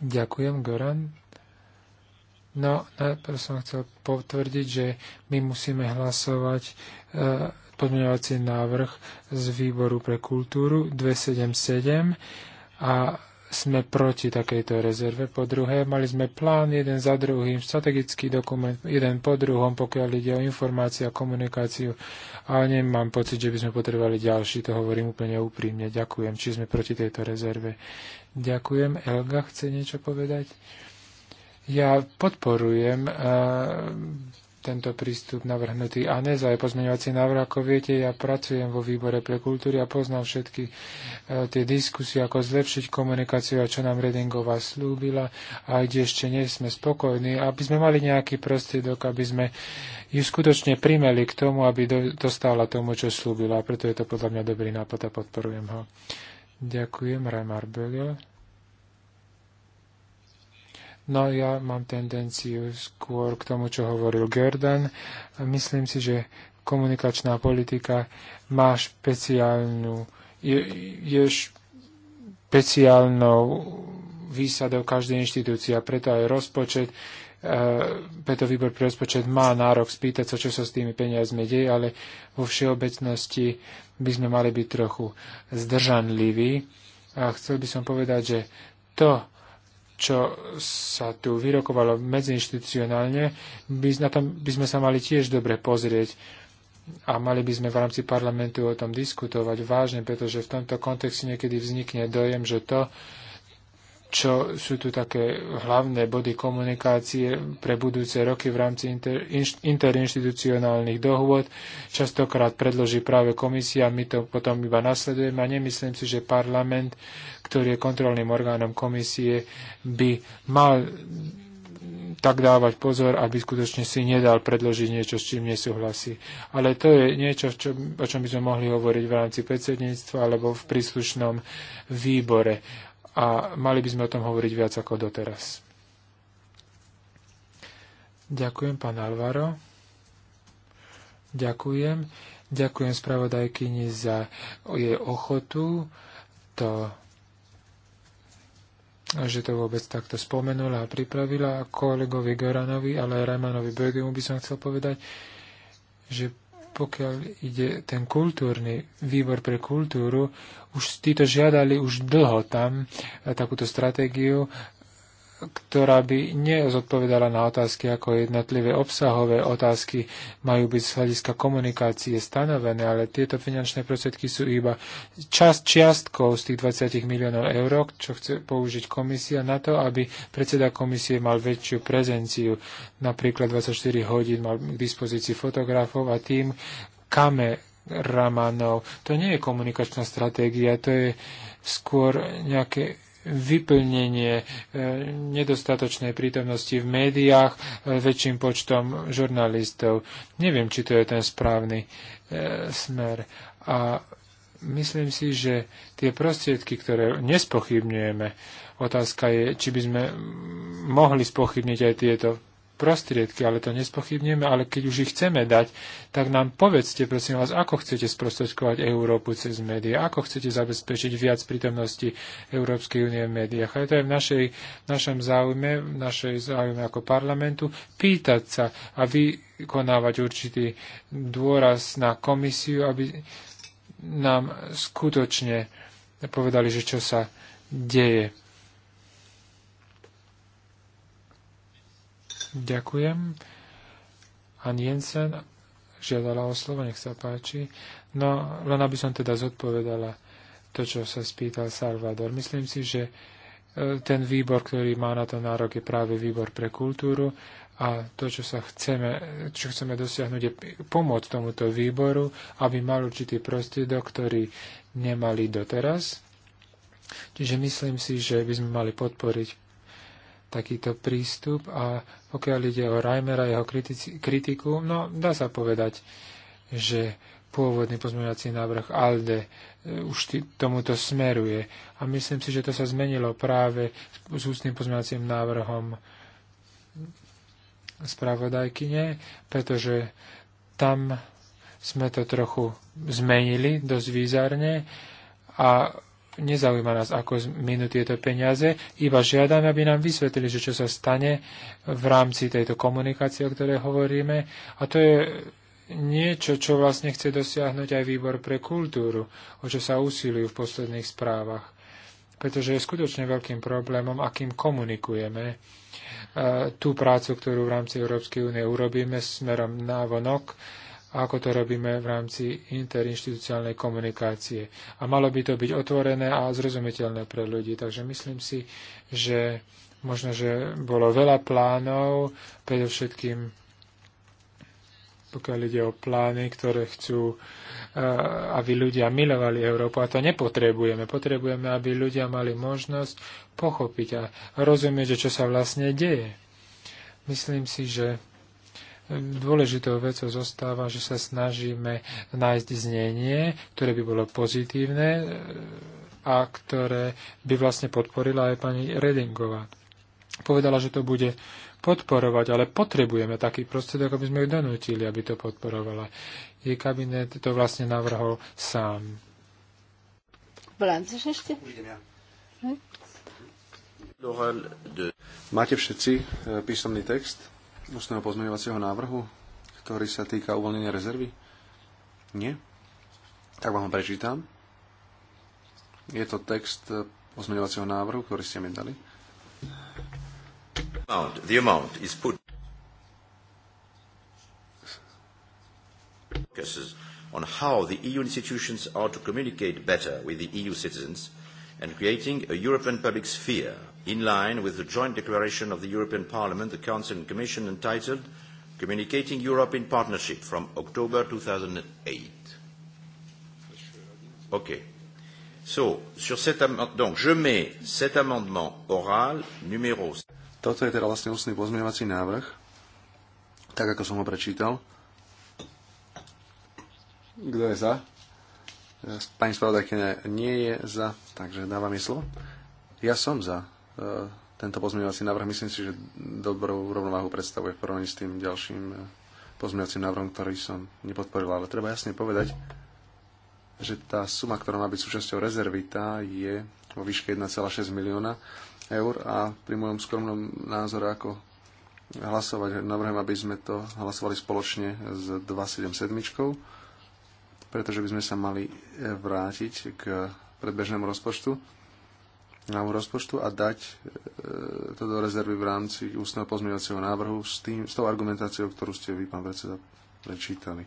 Ďakujem, Goran. No, najprv som chcel potvrdiť, že my musíme hlasovať e, podmenovací návrh z výboru pre kultúru 277 a sme proti takejto rezerve. Po druhé, mali sme plán jeden za druhým, strategický dokument jeden po druhom, pokiaľ ide o informácie a komunikáciu. A nemám pocit, že by sme potrebovali ďalší, to hovorím úplne úprimne. Ďakujem, či sme proti tejto rezerve. Ďakujem. Elga chce niečo povedať? Ja podporujem e, tento prístup navrhnutý a ne aj pozmeňovací návrh. Ako viete, ja pracujem vo výbore pre kultúry a poznám všetky e, tie diskusie, ako zlepšiť komunikáciu a čo nám Redingová slúbila a kde ešte nie sme spokojní, aby sme mali nejaký prostriedok, aby sme ju skutočne primeli k tomu, aby do, dostala tomu, čo slúbila. A preto je to podľa mňa dobrý nápad a podporujem ho. Ďakujem, Rajmar Belio. No ja mám tendenciu skôr k tomu, čo hovoril Gerdan. Myslím si, že komunikačná politika má špeciálnu, je, je špeciálnou výsadou každej inštitúcie a preto aj rozpočet, eh, preto výbor pre rozpočet má nárok spýtať sa, čo sa s tými peniazmi deje, ale vo všeobecnosti by sme mali byť trochu zdržanliví. A chcel by som povedať, že to, čo sa tu vyrokovalo medziinstitucionálne, by, na tom by sme sa mali tiež dobre pozrieť a mali by sme v rámci parlamentu o tom diskutovať vážne, pretože v tomto kontexte niekedy vznikne dojem, že to, čo sú tu také hlavné body komunikácie pre budúce roky v rámci inter, inš, interinstitucionálnych dohôd. Častokrát predloží práve komisia, my to potom iba nasledujeme a nemyslím si, že parlament, ktorý je kontrolným orgánom komisie, by mal tak dávať pozor, aby skutočne si nedal predložiť niečo, s čím nesúhlasí. Ale to je niečo, čo, o čom by sme mohli hovoriť v rámci predsedníctva alebo v príslušnom výbore a mali by sme o tom hovoriť viac ako doteraz. Ďakujem, pán Alvaro. Ďakujem. Ďakujem spravodajkyni za jej ochotu, to, že to vôbec takto spomenula a pripravila. A kolegovi Goranovi, ale aj Rajmanovi Bögemu by som chcel povedať, že pokiaľ ide ten kultúrny výbor pre kultúru, už títo žiadali už dlho tam eh, takúto stratégiu ktorá by nezodpovedala na otázky ako jednotlivé obsahové otázky majú byť z hľadiska komunikácie stanovené, ale tieto finančné prostriedky sú iba čas čiastkou z tých 20 miliónov eur, čo chce použiť komisia na to, aby predseda komisie mal väčšiu prezenciu. Napríklad 24 hodín mal k dispozícii fotografov a tým kame ramanov. To nie je komunikačná stratégia, to je skôr nejaké vyplnenie e, nedostatočnej prítomnosti v médiách e, väčším počtom žurnalistov. Neviem, či to je ten správny e, smer. A myslím si, že tie prostriedky, ktoré nespochybňujeme, otázka je, či by sme mohli spochybniť aj tieto prostriedky, ale to nespochybneme, ale keď už ich chceme dať, tak nám povedzte, prosím vás, ako chcete sprostredkovať Európu cez médiá, ako chcete zabezpečiť viac prítomnosti Európskej únie v médiách. A to je v našej, našom záujme, v našej záujme ako parlamentu, pýtať sa a vykonávať určitý dôraz na komisiu, aby nám skutočne povedali, že čo sa deje Ďakujem. An Jensen žiadala o slovo, nech sa páči. No, len aby som teda zodpovedala to, čo sa spýtal Salvador. Myslím si, že e, ten výbor, ktorý má na to nárok, je práve výbor pre kultúru a to, čo sa chceme, čo chceme dosiahnuť, je pomôcť tomuto výboru, aby mal určitý prostriedok, ktorý nemali doteraz. Čiže myslím si, že by sme mali podporiť takýto prístup a pokiaľ ide o Reimera a jeho kritici, kritiku, no dá sa povedať, že pôvodný pozmeňovací návrh ALDE e, už tomuto smeruje. A myslím si, že to sa zmenilo práve s ústnym pozmeňovacím návrhom spravodajkyne, pretože tam sme to trochu zmenili dosť výzarne a nezaujíma nás, ako minú tieto peniaze, iba žiadame, aby nám vysvetlili, že čo sa stane v rámci tejto komunikácie, o ktorej hovoríme. A to je niečo, čo vlastne chce dosiahnuť aj výbor pre kultúru, o čo sa usilujú v posledných správach. Pretože je skutočne veľkým problémom, akým komunikujeme e, tú prácu, ktorú v rámci Európskej únie urobíme smerom na vonok, ako to robíme v rámci interinstitucionálnej komunikácie. A malo by to byť otvorené a zrozumiteľné pre ľudí. Takže myslím si, že možno, že bolo veľa plánov, predovšetkým pokiaľ ide o plány, ktoré chcú, eh, aby ľudia milovali Európu. A to nepotrebujeme. Potrebujeme, aby ľudia mali možnosť pochopiť a rozumieť, že čo sa vlastne deje. Myslím si, že Dôležitou vecou zostáva, že sa snažíme nájsť znenie, ktoré by bolo pozitívne e, a ktoré by vlastne podporila aj pani Redingová. Povedala, že to bude podporovať, ale potrebujeme taký prostriedok, aby sme ju donútili, aby to podporovala. Jej kabinet to vlastne navrhol sám. Vládzeš ešte? Hm? Máte všetci e, písomný text? ústneho pozmeňovacieho návrhu, ktorý sa týka uvoľnenia rezervy? Nie? Tak vám ho prečítam. Je to text pozmeňovacieho návrhu, ktorý ste mi dali. The amount is put on how the EU institutions are to communicate better with the EU citizens and creating a European public sphere in line with the joint declaration of the European Parliament, the Council and Commission entitled Communicating Europe in Partnership from October 2008. Okay. So, sur cet donc je mets cet amendement oral numéro... Toto je teda vlastne ústny pozmeňovací návrh, tak ako som ho prečítal. Kto je za? Pani spravodajkyňa nie je za, takže dávam mi slovo. Ja som za. E, tento pozmeňovací návrh. Myslím si, že dobrou rovnováhu predstavuje v porovnaní s tým ďalším e, pozmeňovacím návrhom, ktorý som nepodporil. Ale treba jasne povedať, že tá suma, ktorá má byť súčasťou rezervy, tá je vo výške 1,6 milióna eur a pri mojom skromnom názore ako hlasovať, navrhujem, aby sme to hlasovali spoločne s 277, pretože by sme sa mali vrátiť k predbežnému rozpočtu návrhu rozpočtu a dať e, to do rezervy v rámci ústneho pozmeňovacieho návrhu s, tým, s tou argumentáciou, ktorú ste vy, pán predseda, prečítali.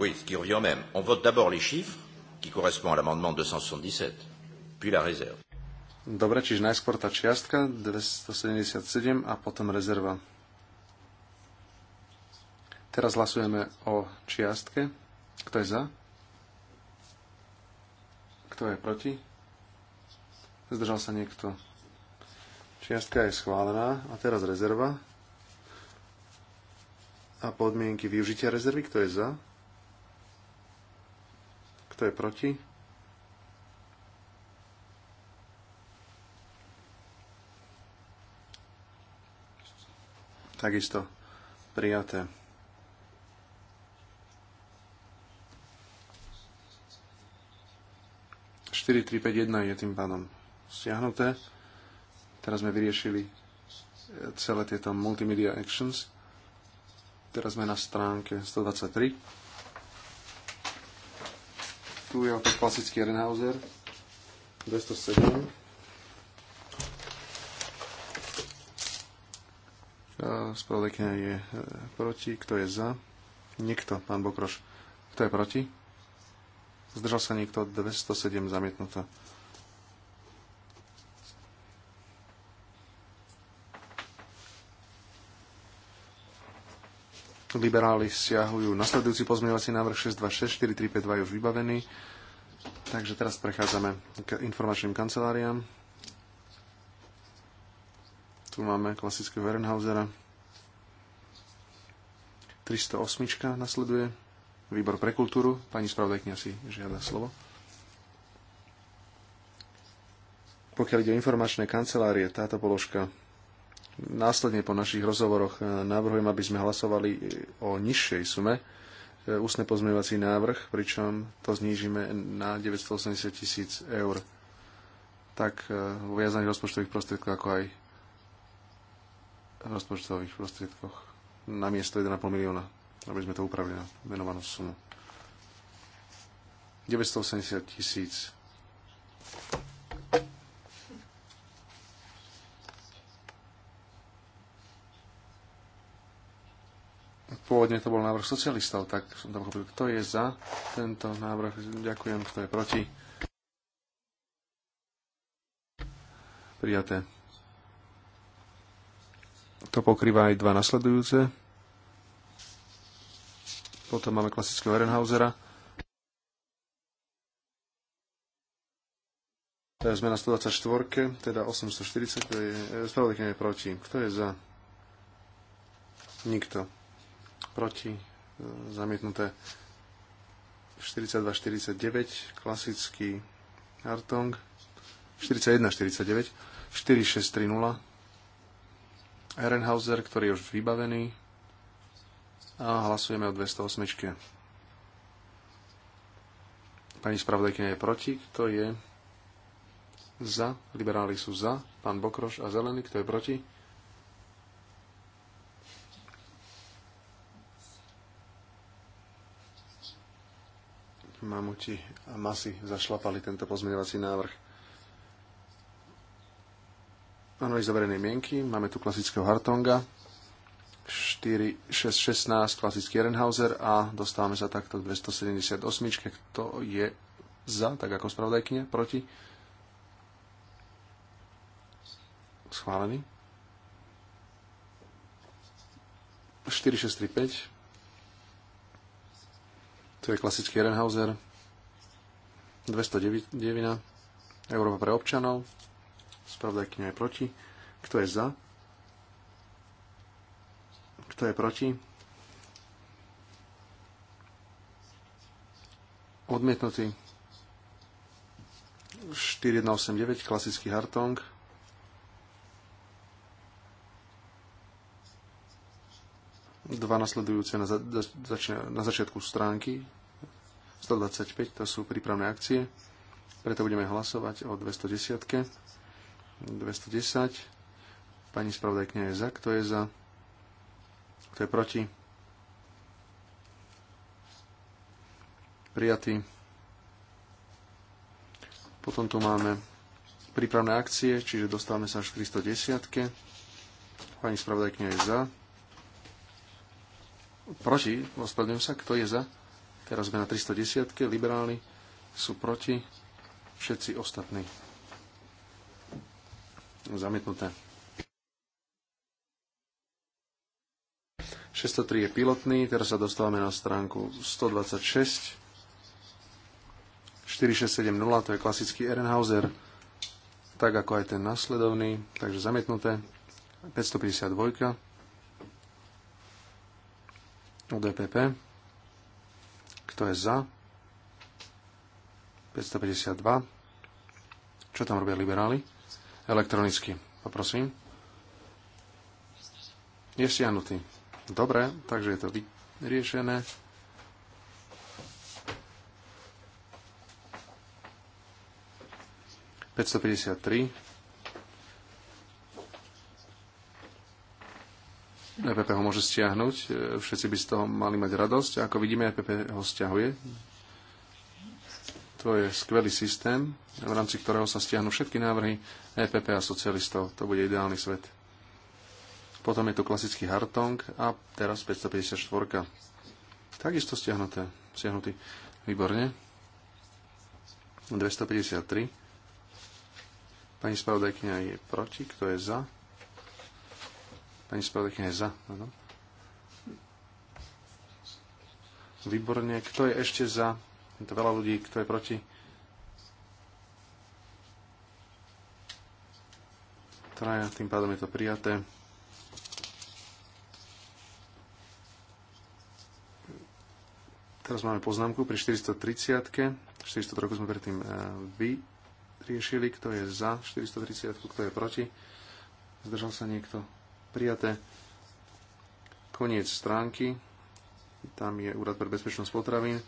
Oui, ce qui revient même. On vote d'abord les chiffres, qui correspondent à l'amendement 277, puis la réserve. Dobre, čiže najskôr tá čiastka 277 a potom rezerva. Teraz hlasujeme o čiastke. Kto je za? Kto je proti? Zdržal sa niekto. Čiastka je schválená. A teraz rezerva. A podmienky využitia rezervy. Kto je za? Kto je proti? Takisto prijaté. 4351 je tým pádom stiahnuté. Teraz sme vyriešili eh, celé tieto multimedia actions. Teraz sme na stránke 123. Tu je opäť klasický Renhauser 207. Spravodajkňa je eh, proti. Kto je za? Nikto, pán Bokroš. Kto je proti? Zdržal sa niekto 207 zamietnuté. Liberáli siahujú nasledujúci pozmeňovací návrh 626, 4352 je už vybavený. Takže teraz prechádzame k informačným kanceláriám. Tu máme klasického Wernhausera. 308 nasleduje výbor pre kultúru. Pani spravodajkňa si žiada slovo. Pokiaľ ide o informačné kancelárie, táto položka následne po našich rozhovoroch e, navrhujem, aby sme hlasovali e, o nižšej sume e, ústne pozmeňovací návrh, pričom to znížime na 980 tisíc eur. Tak vo viazaných rozpočtových prostriedkoch, ako aj v rozpočtových prostriedkoch na miesto 1,5 milióna aby sme to upravili na venovanú sumu. 980 tisíc. Pôvodne to bol návrh socialistov, tak som tam chodil, kto je za tento návrh. Ďakujem, kto je proti. Prijaté. To pokrýva aj dva nasledujúce. Potom máme klasického Ehrenhausera. Teraz sme na 124, teda 840, to je, e, spravodajkynia je proti. Kto je za? Nikto. Proti, e, zamietnuté. 42-49, klasický artong 41-49, 4630. Ehrenhauser, ktorý je už vybavený. A hlasujeme o 208. Pani spravodajkynia je proti. Kto je za? Liberáli sú za. Pán Bokroš a Zelený. Kto je proti? Mamuti a masy zašlapali tento pozmeňovací návrh. Máme verejnej mienky. Máme tu klasického Hartonga. 4, 6, 16, klasický Ehrenhauser a dostávame sa takto k 278. Kto je za, tak ako spravodajkyne, proti? Schválený. 4, 6, 3, 5. To je klasický Ehrenhauser. 209. Európa pre občanov. Spravodajkyňa je proti. Kto je za? Kto je proti? Odmietnutý. 4189, klasický Hartong. Dva nasledujúce na, za, zač, na začiatku stránky. 125, to sú prípravné akcie. Preto budeme hlasovať o 210. 210. Pani spravodajkňa je za. Kto je za? Kto je proti? Prijatý. Potom tu máme prípravné akcie, čiže dostávame sa až k 310. Pani spravodajkňa je za. Proti, ospravedlňujem sa, kto je za? Teraz sme na 310. Liberáli sú proti, všetci ostatní. Zamietnuté. 603 je pilotný, teraz sa dostávame na stránku 126. 4670, to je klasický Ehrenhauser, tak ako aj ten nasledovný, takže zamietnuté. 552 UDPP. E Kto je za? 552. Čo tam robia liberáli? Elektronicky, poprosím. Je stiahnutý. Dobre, takže je to vyriešené. EPP e ho môže stiahnuť, e, všetci by z toho mali mať radosť. Ako vidíme, EPP ho stiahuje. To je skvelý systém, v rámci ktorého sa stiahnu všetky návrhy EPP a socialistov. To bude ideálny svet. Potom je tu klasický Hartong a teraz 554. Takisto stiahnuté. Stiahnutý. Výborne. 253. Pani spravodajkňa je proti. Kto je za? Pani spravodajkňa je za. Áno. Výborne. Kto je ešte za? Je to veľa ľudí. Kto je proti? Traja. Tým pádom je to prijaté. Teraz máme poznámku pri 430. 403 sme predtým e, vyriešili. Kto je za 430, kto je proti? Zdržal sa niekto? Prijaté. Koniec stránky. Tam je Úrad pre bezpečnosť potravín.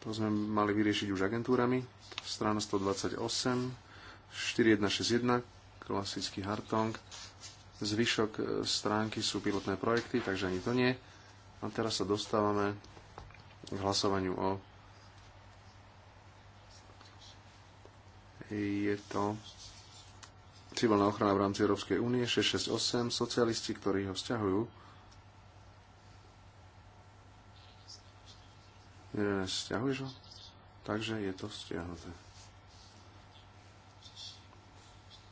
To sme mali vyriešiť už agentúrami. Strana 128, 4161, klasický Hartong. Zvyšok e, stránky sú pilotné projekty, takže ani to nie. A teraz sa dostávame k hlasovaniu o... Je to civilná ochrana v rámci Európskej únie 668, socialisti, ktorí ho vzťahujú. 11, ho? Takže je to stiahnuté.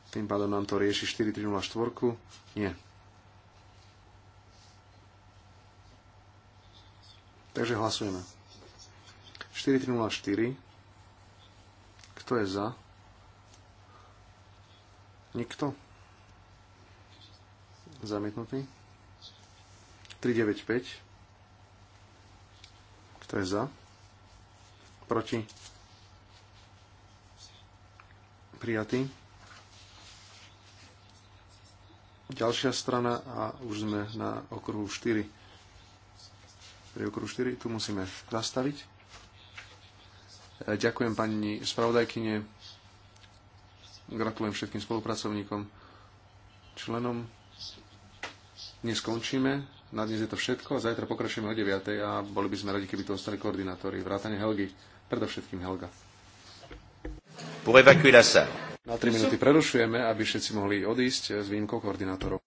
Tým pádom nám to rieši 4304. Nie. Takže hlasujeme. 4304. Kto je za? Nikto? Zamietnutý? 395. Kto je za? Proti? Prijatý? ďalšia strana a už sme na okruhu 4. Pri okruhu 4 tu musíme zastaviť. Ďakujem pani spravodajkyne, gratulujem všetkým spolupracovníkom, členom. Dnes skončíme. na dnes je to všetko a zajtra pokračujeme o 9. a boli by sme radi, keby to ostali koordinátori, vrátane Helgy, predovšetkým Helga. Pour évacuer la salle. Na 3 minúty prerušujeme, aby všetci mohli odísť eh, s výnimkou koordinátorov.